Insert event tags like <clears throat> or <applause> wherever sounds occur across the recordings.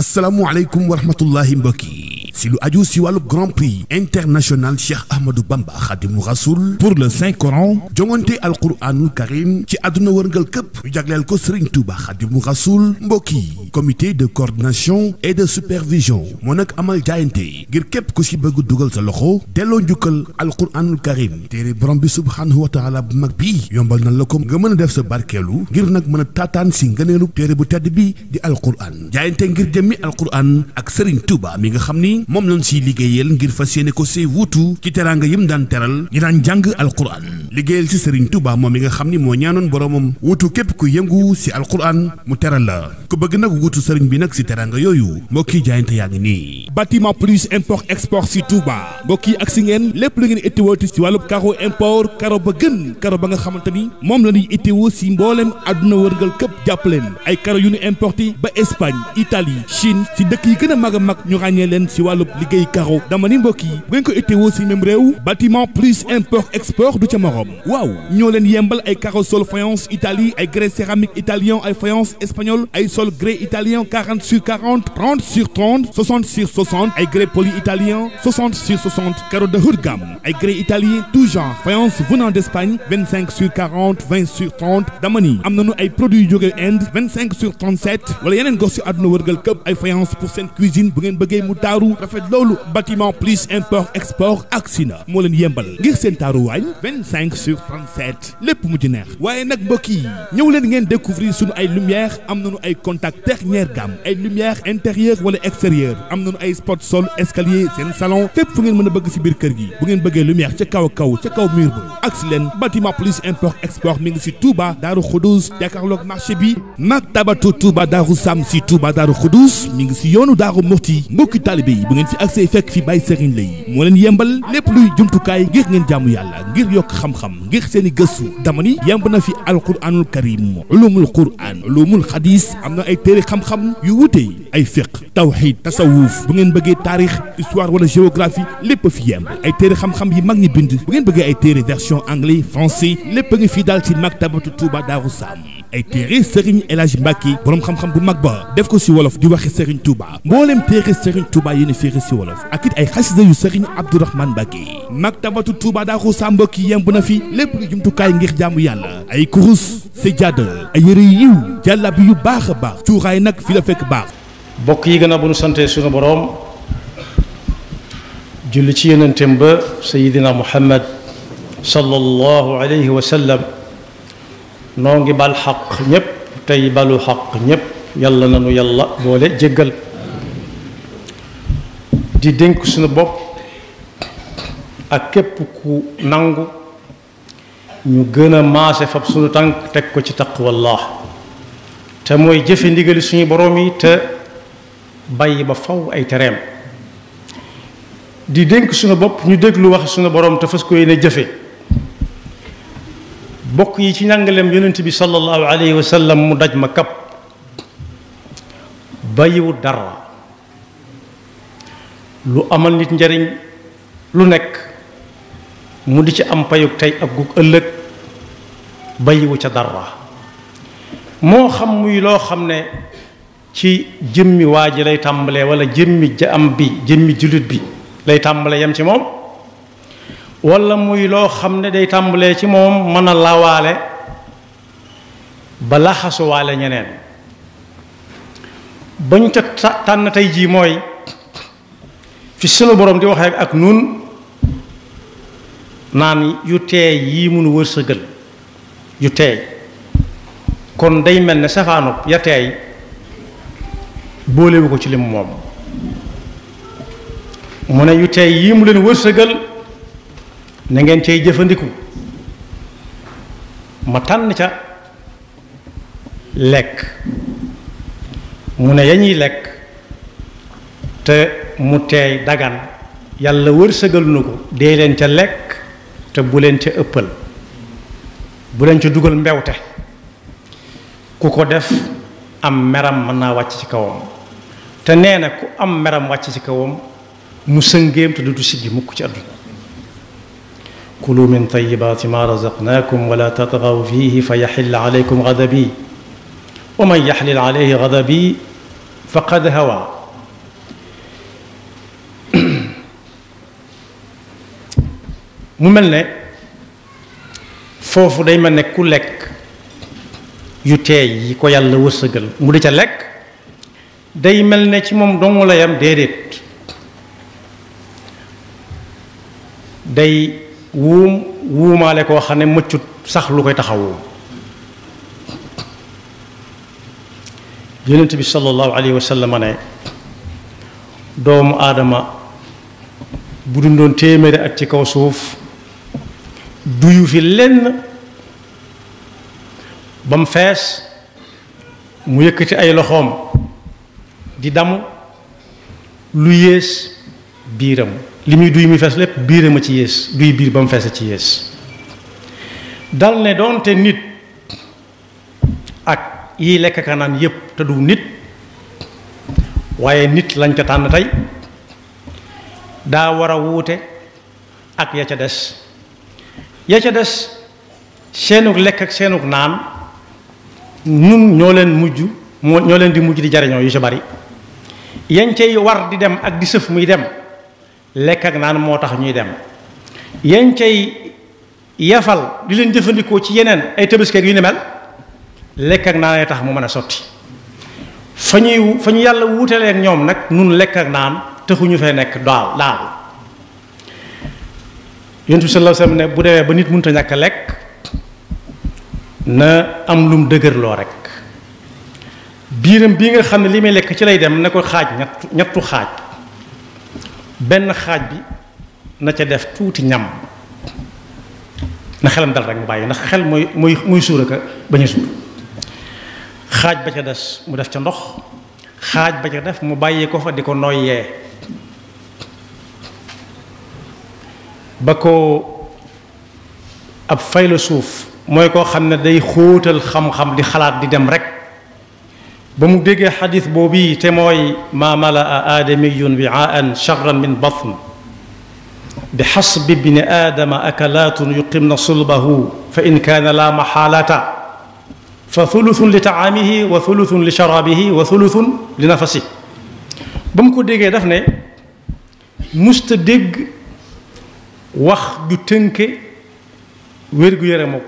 asalaamualeykum wa rahmatullahi mbokk yi si lu aju si wàllu grand prix international Cheikh Ahmadou Bamba Khadimou Rassoul pour le Saint Coran jongante alquranul karim ci àdduna wërngal këpp ñu jagleel ko Serigne ba Khadimou Rassoul mbokk yi comité de coordination et de supervision moo nag amal jaayante ngir képp ku si bëgg dugal sa loxo delloo njukkal alquranul karim téere borom bi subhaanahu wa taala bu mag bi yombal na la ko nga mën a def sa barkeelu ngir nag mën a taataan si ngëneelu téere bu tedd bi di alquran ngir jëm Al alquran ak Serigne Touba mi nga xamni mom lañ ci ligéyel ngir fas ko wutu ci teranga yim dan teral ñi dan jang alquran ligéyel si Serigne Touba mom mi nga xamni mo ñaanon boromum wutu kep ku yëngu si alquran mu teral la ku bëgg nak wutu Serigne bi si teraanga yoyu mbokki jaayante yaa ngi bâtiment plus import export si Touba moki ak si ngeen lépp lu ngeen karo ci karo caro import caro ba gën caro ba nga xamanteni mom moom la ñuy itteewoo si mboolem ay yu ñu importé ba Espagne Italie Chine si dëkk yi gën a mag a mag ñu ràññee leen si wàllub liggéey carreau dama ni mbokk yi bu ngeen ko itteewoo si même réew bâtiment plus import export du ca morom waaw ñoo leen yembal ay caro sol faïence Italie ay grès céramique italien ay faïence espagnol ay sol grès italien 40 sur 40 30 sur 30 60 sur 60 ay grès poli italien 60 sur 60 caro de haut de gamme ay grès italien tout genre faïence venant d'Espagne 25 sur 40 20 sur 30 dama ni am nañu ay produits jóge Inde 25 sur 37 wala yeneen gox si àdduna wërgal këpp ay faïence pour cette cuisine bu ngeen bëggee mu taaru rafet loolu bâtiment plus import export ak sina moo leen yembal ngir seen taaru waañ 25 sur 37 lépp mu ci neex waaye nag mbokk yi découvrir suñu ay lumière am nañu ay contact dernière gamme ay lumière intérieure wala extérieure am nañu ay spot sol escalier seen salon fépp fu ngeen mën a bëgg si biir kër gi bu ngeen lumière ca kaw kaw ca kaw mur ba ak si bâtiment plus import export mi ngi si Touba Daaru Xuduus jàkkaarloog marché bi mag tabatu Touba Daaru Sam si Touba Daaru Xuduus tous mi ngi ci yoonu Daaru Muxti mbokki talibé yi bu ngeen fi accès fekk fi Baye Serigne Lay mo leen yembal lépp luy jumtukaay ngir ngeen jamu yàlla ngir yok xam-xam ngir seeni geussu gëstu damani yemb na fi alquranul karim ulumul quran ulumul hadith amna ay téré xam xam-xam yu wute ay fiqh tawhid tasawuf bu ngeen bëggee tarikh histoire wala géographie lépp fi yemb ay téré xam xam-xam yi mag ñi bind bu ngeen bëggee ay téré version anglais français lépp a ngi fii daal ci maktabatu Touba Daaru Sam ay téere Serigne El Hadj Mbacke borom xam-xam bu mag ba def ko si wolof di waxe sëriñ Touba mboolem téere Serigne Touba yéen a féere si wolof ak it ay xasida yu Serigne Abdourahmane Mbacke maktabatu Touba daa ko sa mbokk yi yemb na fi lépp lu jumtukaay ngir jaamu yàlla ay kurus sajjaada ay yëre yiw jàllabi yu baax a baax cuuraay nag fi la fekk baax. bokk yi gën a bu nu sante suñu borom julli ci yonentam ba Seydina Muhammad sallallahu alayhi wa sallam. noo ngi bal xaq ñépp tey balu xaq ñépp yàlla na nu yàlla boole jéggal di dénk suñu bopp ak képp ku nangu ñu gën a maase fab suñu tànk teg ko ci taqwallah te mooy jëfe ndigali suñu boroom yi te bàyyi ba faw ay tereem di dénk suñu bopp ñu déglu wax suñu boroom te fas ko yéene jëfe bokk yi ci njàngaleem yonent bi sallallahu alayhi wa mu daj ma kap bàyyiwu dara lu amal nit njariñ lu nekk mu di ci am payug tey ak gu ëllëg bàyyiwu ca dara moo xam muy loo xam ne ci jëmmi waa ji lay tàmbalee wala jëmmi jaam bi jëmmi jullit bi lay tàmbalee yam ci moom walla muy loo xam ne day tàmbalee ci moom mën a lawaale ba laxasuwaale ñeneen bañ ca tànn tey jii mooy fi sunu borom di waxee ak nun naan yu teey yii munu wërsëgal yu teey kon day mel ne safaanub ya teey boolewu ko ci lim moom mu ne yu teey yii mu leen wërsëgal nangeen ngeen cay jëfandiku ma tànn ca lekk mu ne ya lekk te mu teey dagan yàlla wërsëgal na ko dee leen ca lekk te bu leen ca ëppal bu leen ca dugal mbewte ku ko def am meram mën naa wàcc ci kawam te nee na ku am meram wàcc ci kawam mu sëngéem te dutu siggi mukk ci àdduna كلوا من طيبات ما رزقناكم ولا تطغوا فيه فيحل عليكم غضبي ومن يحلل عليه غضبي فقد هوى مملنا فوف دايما نكو لك يوتاي كو يالا وسغل مودي لك داي ملنا سي موم دونغ لا يام ديريت داي دي wuum wuumaale koo xam ne mëccut sax lu koy taxaw wuum yonent bi sallallahu alayhi ne doomu aadama bu dundoon téeméeri at ci kaw suuf duyu fi lenn ba mu fees mu yëkkati ay loxoom di damu lu yées biiram li muy duy mi fees lépp biire ma ci yées duy biir ba mu feese ci yées dal ne doonte nit ak yi lekk ka naan yépp te du nit waaye nit lañ ko tànn tey daa war a wuute ak ya ca des ya ca des seenug lekk ak seenug naan nun ñoo leen mujj moo ñoo leen di mujj di jariñoo yu ci bari yañ cay war di dem ak di sëf muy dem lekk ak naan moo tax ñuy dem yañ cay yafal di leen jëfandikoo ci yeneen ay tëbëskeeg yu ni mel lekk ak naan ay tax mu mën a sotti fa ñuy fa ñu yàlla wuutaleek ñoom nag nun lekk ak naan taxuñu fee nekk daal daal yonent bi sallallahu alayhi wasallam ne bu demee ba nit mënut a lekk na am lum dëgërloo rek biiram bii nga xam ne li may lekk ci lay dem na ko xaaj ñett ñettu xaaj Ben xaj bi na ca def tuuti ñam na xelam dal rek mu bàyyi ndax xel mooy mooy muy sura ka bañ a suur xaaj ba ca des mu def ca ndox xaaj ba ca def mu bàyyi ko fa di ko noyyee ba ko ab fayla suuf mooy koo xam day xóotal xam-xam di xalaat di dem rek بمو ديغي حديث بوبي تيموي ما ملا ادمي وعاء شرا من بطن بحسب ابن ادم اكلات يقمن صلبه فان كان لا محاله فثلث لطعامه وثلث لشرابه وثلث لنفسه بمكو ديغي دافني مست ديغ واخ دو تنكي ويرغو يرمو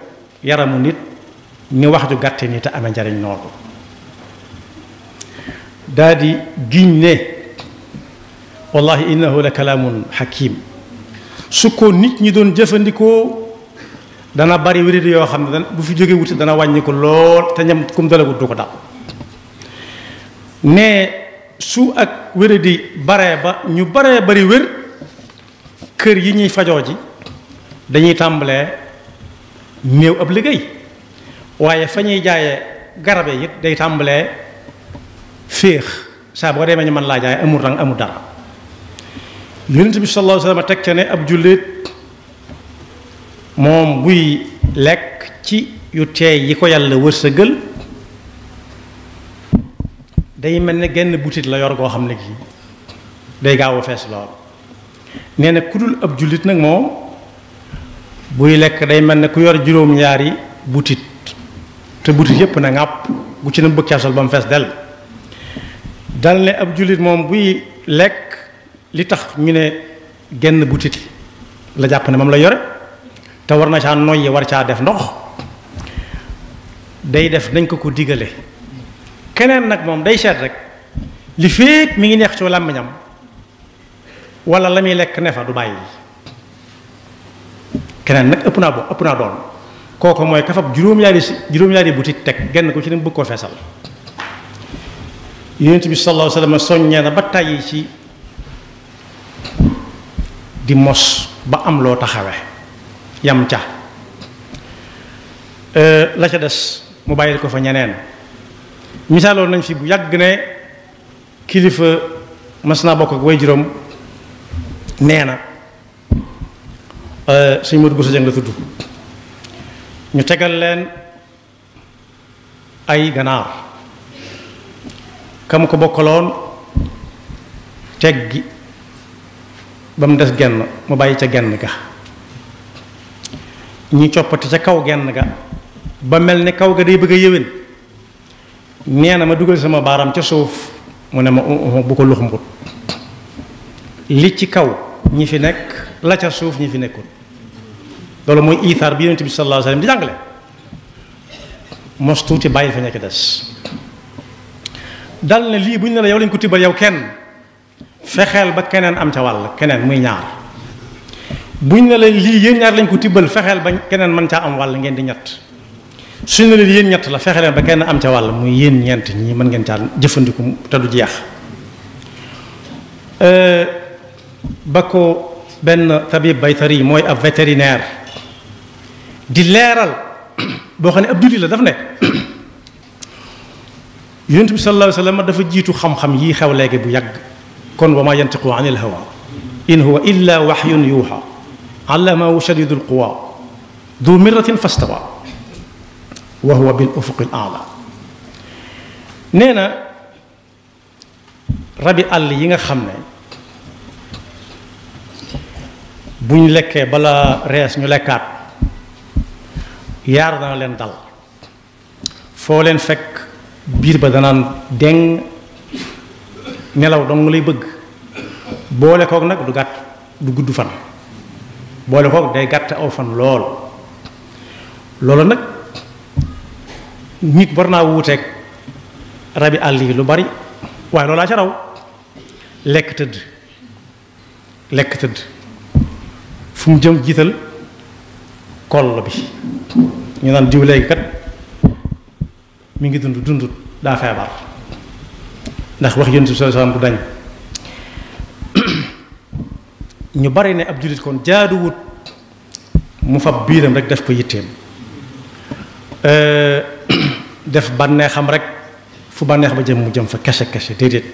يرمو نيت ني واخ دو غاتي نيت امان جارين نوردو daa di giñ ne wallahi innahu la kalaamun hakim su ko nit ñi doon jëfandikoo dana bari wérit yoo xam ne bu fi jóge wuti dana wàññi ko lool te ñam kum dalagut du ko dal ne su ak wéradi baree ba ñu baree bari wér kër yi ñuy fajoo ji dañuy tàmbalee néew ab liggéey waaye fa ñuy jaayee garabe it day tàmbalee féex saa boo demee ñu mën laa jaay amul rang amul dara yonent bi sallallahu alayhi wa teg ca ne ab jullit moom buy lekk ci yu teey yi ko yàlla wër sa wërsëgal day mel ne genn butit la yor goo xam ne gi day gaaw a fees lool nee na ku dul ab jullit nag moom buy lekk day mel ne ku yor juróom-ñaari butit te butit yépp na ngàpp gu ci na bëgg caasol ba mu fees dell dal ne ab jullit moom buy lekk li tax ñu ne genn butit la jàpp ne moom la yore te war na caa noyyi war caa def ndox day def nañ ko ko digale keneen nag moom day seet rek li féeg mi ngi neex ci làmmiñam wala la muy lekk ne fa du bàyyi keneen nag ëpp naa bo ëpp naa doon kooku mooy kafab juróom-ñaari si juróom-ñaari butit teg genn ko ci ne bëgg koo feesal yonent bi sallallahu soññee na ba tàyyi ci di mos ba am loo taxawe yam ca euh, la ca des mu bàyyil ko fa ñeneen misaaloon nañ fi bu yàgg ne kilifa mas naa bokk ak way juróom nee na euh, suñ Modou Bousso Dieng la tudd ñu tegal leen ay ganaar kam ko bokkaloon gi ba mu des genn mu bàyyi ca genn ga ñu coppati ca kaw genn ga ba mel ni kaw ga day bëgg a yéwén nee na ma dugal sama baaraam ca suuf mu ne ma uh, uh, uh, bu ko luxumbut li ci kaw ñi fi nekk la ca suuf ñi fi nekkul loolu mooy iitaar bi yonent bi sallallahu alayhi wa sallam di jàngale mos tuuti bàyyi fa ñekk des dal na lii bu ñu ne la yow lañ ko tibbal yow kenn fexeel ba keneen am ca wàll keneen muy ñaar buñ ne la lii yéen ñaar lañ ko tibbal fexeel ba keneen mën caa am wàll ngeen di ñett suñ ne la yéen ñett la fexe ba kenn am ca wàll muy yéen ñeent ñi mën ngeen caa jëfandiku te du jeex euh, ba ko benn tabib baytari mooy ab vétérinaire di leeral <coughs> boo xam ne ab jullit la daf ne <coughs> yonent bi sallallahu alayhi wa dafa jiitu xam-xam yi xew legi bu yag kon wama yantiqu anil hawa in huwa illa wahyun yuha allama allamahu shadidul quwa du miratin fastawa wa huwa bil ufuq al a'la na rabi al yi nga xamne ne buñ lekkee bala res ñu lekkat yar dana len dal fo len fek biir ba danaan deng nelaw dong lay bëgg boole kook nag du gàtt du gudd fan boole kook day gàtt aw fan lool loolu nag nit war naa wuuteeg rabi àll yi lu bari waaye loolaa ca raw lekk tëdd lekk tëdd fu mu jëm jiital koll bi ñu naan diw léegi kat mi ngi dund dundut daa feebar ndax wax yéen sa salaam du dañ <clears throat> ñu bari ne ab jullit kon jaaduwut mu fab biiram rek def ko yitteem def bànneexam rek fu bànneex ba jëm mu jëm fa kese kese déedéet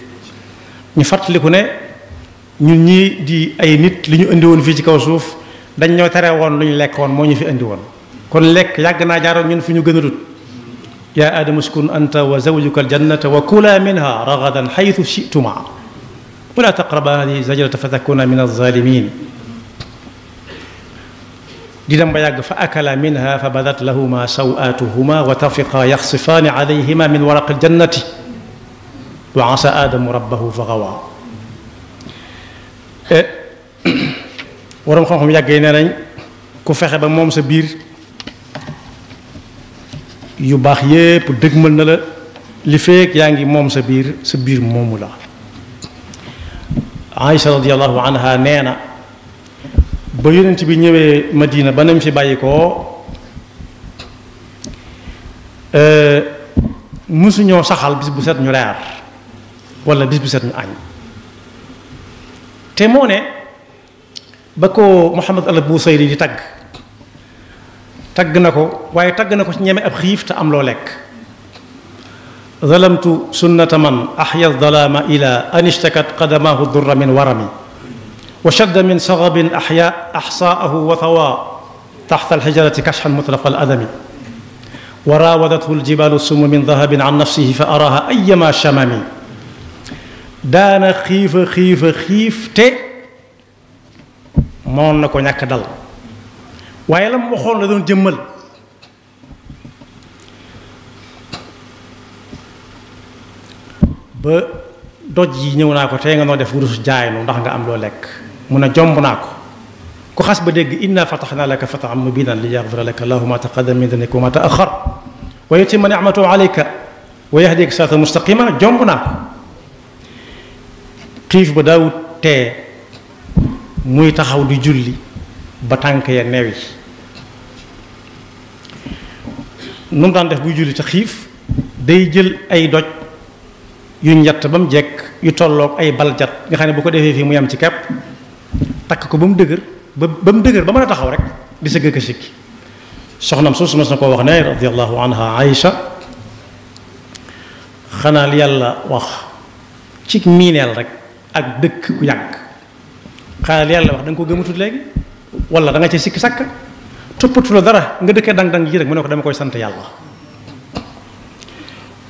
ñu fàttaliku ne ñun ñii di ay nit li ñu indi woon fii ci kaw suuf dañ ñoo tere woon lu ñu lekk moo ñu fi indiwoon kon lekk yàgg naa jaaroon ñun fu ñu gën a dut يا آدم اسكن أنت وزوجك الجنة وكلا منها رغدا حيث شئتما ولا تقربا هذه الزجرة فتكونا من الظالمين جدًا بياق فأكلا منها فبدت لهما سوآتهما وتفقا يخصفان عليهما من ورق الجنة وعصى آدم ربه فغوى إيه. <coughs> ورمخهم يقينا كفخ بموم سبير yu baax yépp dëgmal na la li feek yaa ngi moom sa biir sa biir moomu la Aïcha radiallahu anha nee na ba yonent bi ñëwee Madina ba nam fi bàyyi ko euh, mësuñoo saxal bis bu set ñu reer wala bis bu set ñu añ te moo ne ba ko Muhammad al Busayri di tagg tagg na ko waaye tagg na ko ci ñeme ab xiif te am loo lekk zalamtu sunnata man ahya dalama ila an ishtakat qadamahu durra min warami wa shadda min saxabin ahya axsaahu wa thawa taxta alxijarati kashxan mutlaqa aladami وراودته الجبال السم من ذهب عن نفسه فأراها أيما شمم دانا خيف خيف خيف تي مون نكو نياك دال waaye la mu waxoon la doon jëmmal ba doj yi ñëw naa ko tey nga noo def wurus jaay nu ndax nga am loo lekk mun a jomb naa ko ku xas ba dégg inna fataxnaa laka fatahan mubinan li yaxfira laka allahu ma taqadama min danika wa ma taaxar wa yutima nicmatahu alayka wa yahdika sirata mustaqima jomb naa ko xiif ba daawut tee muy taxaw di julli ba tànk ya neew nu mu def buy julli te xiif day jël ay doj yu ñett ba mu jekk yu tolloog ay baljat nga xam ne bu ko defee fii mu yam ci kepp takk ko ba mu dëgër ba ba mu dëgër ba mën a taxaw rek di sa gëkk sikki soxnam suuf mas na koo wax ne radiallahu anha aïcha xanaa li yàlla wax ci miineel rek ak dëkk ku yàgg xanaa li yàlla wax da nga ko gëmatul léegi walla da nga ci sikki sàkk toppatu dara nga dëkkee dang-dang ji rek mu ne ko dama koy sant yàlla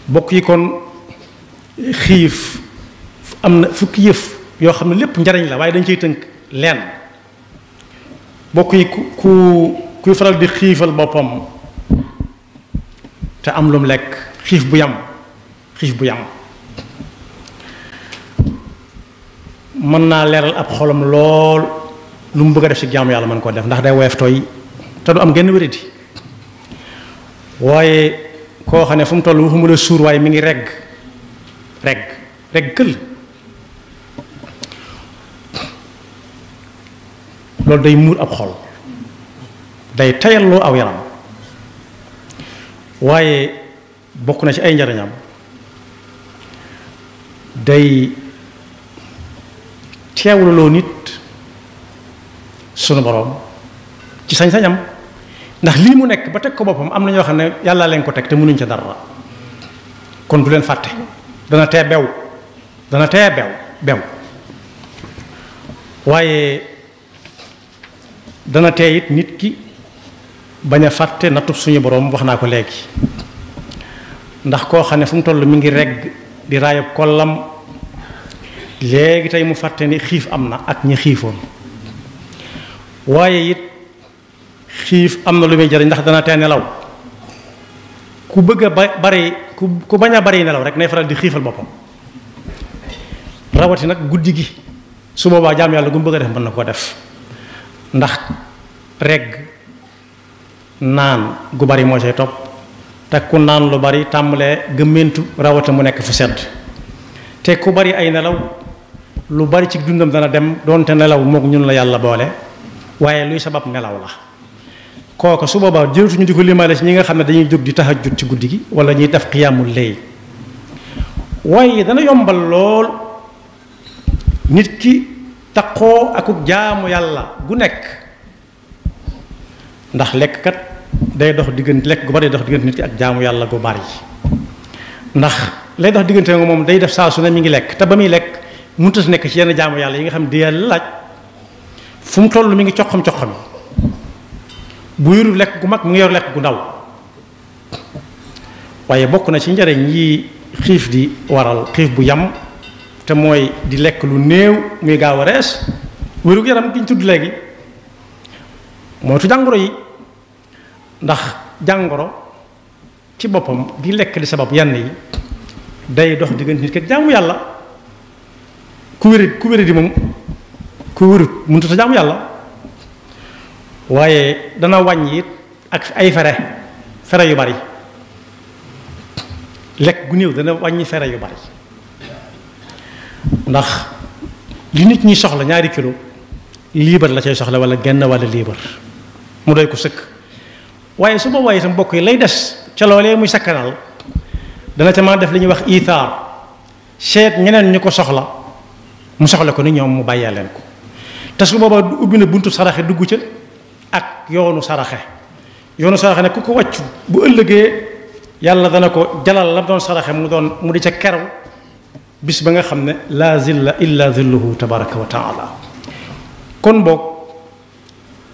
bokk yi kon xiif am na fukki yëf yoo xam ne lépp njariñ la waaye dañ ciy tënk lenn bokk yi ku ku kuy faral di xiifal boppam te am lum lekk xiif bu yam xiif bu yam mën naa leeral ab xolam lool lu mu bëgg a def ci jaamu yàlla mën koo def ndax day woyof tooy te du am genn wéradi waaye koo xam ne fu mu toll waxuma la suur waaye mi ngi regg regg regg kël loolu day muur ab xol day tayalloo aw yaram waaye bokk na ci ay njariñam day teewluloo nit sunu boroom ci sañ-sañam ndax lii mu nekk ba teg ko boppam am na ñoo xam ne yàlla leen ko teg te mënuñ ca dara kon du leen fàtte dana tee bew dana tee bew bew waaye dana tee it nit ki bañ a fàtte nattub suñu borom wax naa ko léegi ndax koo xam ne fu mu toll mi ngi regg di raayab kollam léegi tey mu fàtte ni xiif am na ak ñi xiifoon waaye it xiif am na lu muy jariñ ndax dana tee nelaw ku bëgg ba bari ku ku bañ a bari nelaw rek nay faral di xiifal boppam rawati nag guddi gi su boobaa jaam yàlla gu mu bëgg def mën na koo def ndax rekk naan gu bari moo cay topp te ku naan lu bari tàmbalee gëmmentu rawati mu nekk fu sedd te ku bari ay nelaw lu bari ci dundam dana dem donte nelaw mook ñun la yàlla boole waaye luy sabab nelaw la kooka su boobaa jërutuñu di ko limaale ci ñi nga xam ne dañuy jóg di tahajjud ci guddi gi wala ñuy def qiyamul layl waaye dana yombal lool nit ki taqoo akuk jaamu yalla gu nekk ndax lekk kat day dox diggante lekk gu bari day dox diggante nit ki ak jaamu yàlla gu bari ndax lay dox diggante nga moom day def saa su ne mi ngi lekk ta ba muy lekk muntas nekk ci yenn jaamu yalla yi nga xam di laaj fu mu toll mi ngi bu yoru lekk gu mag mu ngi yor lekk gu ndaw waaye bokk na ci njariñ yi xiif di waral xiif bu yam te mooy di lekk lu néew muy gaaw a rees wérug yaram gi tudd léegi moytu jàngoro yi ndax jàngoro ci boppam di lekk di sabab yenn yi day dox diggante nit ki jaamu yàlla ku wéri ku wéri di moom ku wérut mënut a jaamu yàlla waaye dana wàññi it ak ay fere fere yu bari lekk gu néew dana wàññi fere yu bari ndax li nit ñi soxla ñaari kilo liibar la cay soxla wala genn wala liibar mu doy ko sëkk waaye su boobaa itam mbokk yi lay des ca loolee muy sakkanal dana ca mën def li ñuy wax ithaar seet ñeneen ñu ko soxla mu soxla ko ni ñoom mu bàyyee leen ko te su boobaa ubbi na buntu saraxe dugg ca ak yoonu saraxe yoonu saraxe ne ku ko wàccu bu ëllëgee yàlla dana ko jalal la doon saraxe mu doon mu di ca keraw bis ba nga xam ne laa zilla illa zilluhu tabaraka wa taala kon boog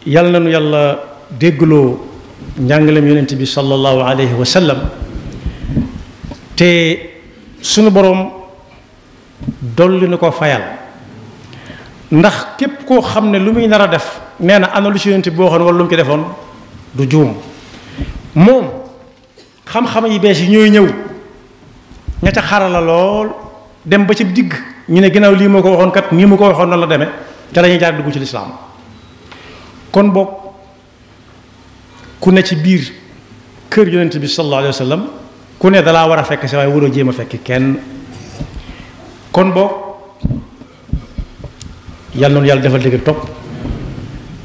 yàlla nanu yàlla déggloo njàngaleem yonent bi sallallahu alayhi wa sallam te sunu borom dolli na ko fayal ndax képp koo xam ne lu muy nar a def nee na ana lu ci yonent bi boo xoon wala lu mu ci defoon du juum moom xam-xam yi bees yi ñooy ñëw ña ca xarala lool dem ba ci digg ñu ne ginnaaw lii ma ko waxoon kat nii ma ko waxoon noonu la demee te la ñuy jaar dugg ci lislaam kon boog ku ne ci biir kër yonent bi sallallahu alayhi wa sallam ku ne dalaa war a fekk si waaye waroo jéem a fekk kenn kon boog yàlla noonu yàlla defal dégg topp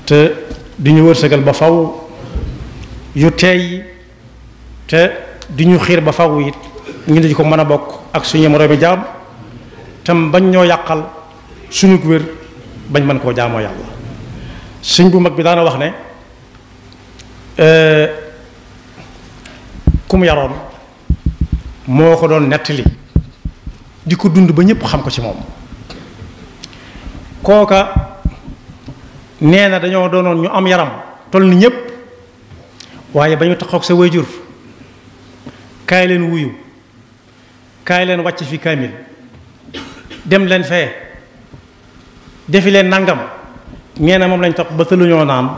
te di ñu wërsëgal ba faw yu teey te di ñu xiir ba faw it ñu di ko mën a bokk ak suñu moroomi jaam tam bañ ñoo yàqal suñu wér bañ mën koo jaamoo yàlla suñ bu mag bi daana wax ne eh, ku mu yaroon moo ko doon nettali di ko dund ba ñëpp xam ko ci moom kooka nee na dañoo doonoon ñu am yaram toll ni ñépp waaye ba ñu taxaw sa wayjur kaay leen wuyu kaay leen wàcc fi kaamil dem leen fee defi leen nangam nee na moom lañ topp ba tëluñoo naan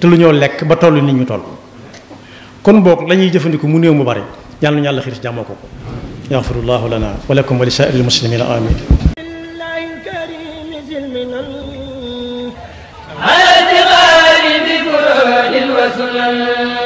tëluñoo lekk ba toll nit ñu toll kon boog la ñuy jëfandiku mu néew mu bari yàlla ñu yàlla xiir si jàmmoo ko ko yaxfirullahu lana wa lakum wa li saa'iril وسلم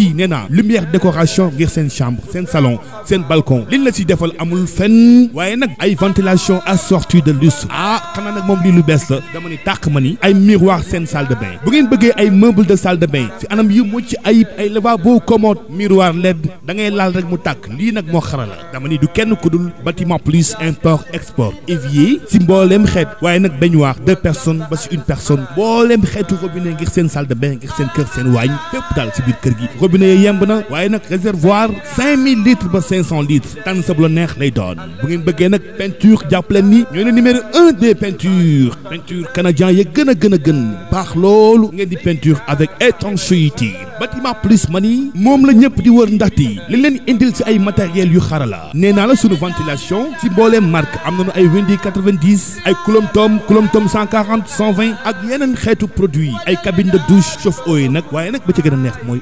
mbokk nena lumière décoration ngir sen chambre sen salon sen balcon liñ la si defal amul fenn waaye nag ay ventilation assortie de lustre ah xana nak mom li lu bess la dama ni tàq ay miroir sen salle de bain bu ngeen bëggee ay meuble de salle de bain si anam yu mucc ayib ay lavabo commode miroir led da ngay lal rek mu tàkk lii nag moo xarala dama ni du kenn kudul bâtiment plus import export évier si mbooleem xeet waaye nag baignoire deux personnes ba ci une personne mbooleem xeetu robinet ngir sen salle de bain ngir sen kër sen waañ fépp dal ci biir kër gi robinet yi yemb na waaye nag réservoir 5000 litres ba 500 litres tànn sa bu la neex lay doon bu ngeen bëggee nag peinture jàppaleen ni ñooy le numéro un des peintures peinture canadien ya gën a gën a gën baax loolu ngeen di peinture avec étanchéité bâtiment plus ni moom la ñëpp di wër ndaxte li leen indil si ay matériels yu xarala nee naa la suñu ventilation ci mbooleem marque am na nañu ay Windy 90 ay Coulomb Tom Coulomb Tom 140 120 ak yeneen xeetu produit ay cabine de douche chauffe-eau yi nag waaye nag ba ci gën a neex mooy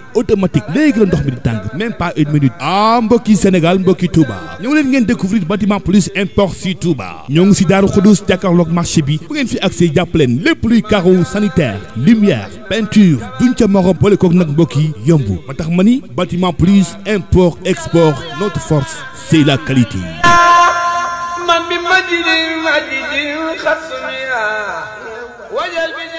critique léegi la ndox même pas une minute ah mbokki Sénégal mbokki Touba ñoo ngi leen ngeen découvrir bâtiment plus import si Touba ñoo ngi si Daaru Khodous jàkkaarloog marché bi bu ngeen fi accès jàppaleen lépp luy carreau sanitaire lumière peinture duñ ca morom bolé ko nak mbokk yombu yomb tax bâtiment plus import export notre force c'est la qualité ah, man bi majidil majidil xasmia ah. wajal bi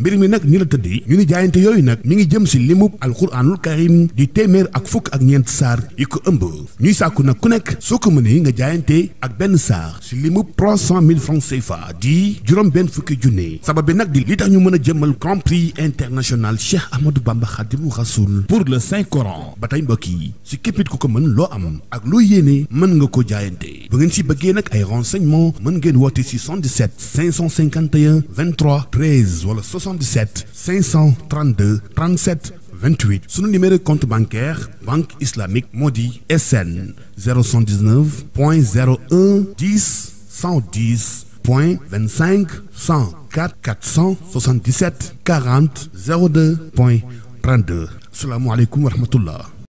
mbir mi nag ni la tëddee ñu ni jaayante yooyu nag mi ngi jëm si limub alxuraanul karim di téeméer ak fukk ak ñeent saar yi ko ëmb ñuy sàkku nag ku nekk soo ko mënee nga jaayante ak benn saar si limub trois cent mille francs CFA di juróom benn fukki junne sabab bi nag di li tax ñu mën a jëmmal grand prix international Cheikh Ahmadou Bamba Khadimu Rasoul pour le Saint Coran ba tey mbokk yi si képpit ku ko mën loo am ak loo yéene mën nga ko jaayante bu ngeen si bëggee nag ay renseignement mën ngeen woote si 77 551 23 77 532 37 28 le numéro de compte bancaire banque islamique maudit SN 019.01 01 10 110 point 25 104 477 40 02.32. 32 salaamu alaikum wa rahmatullah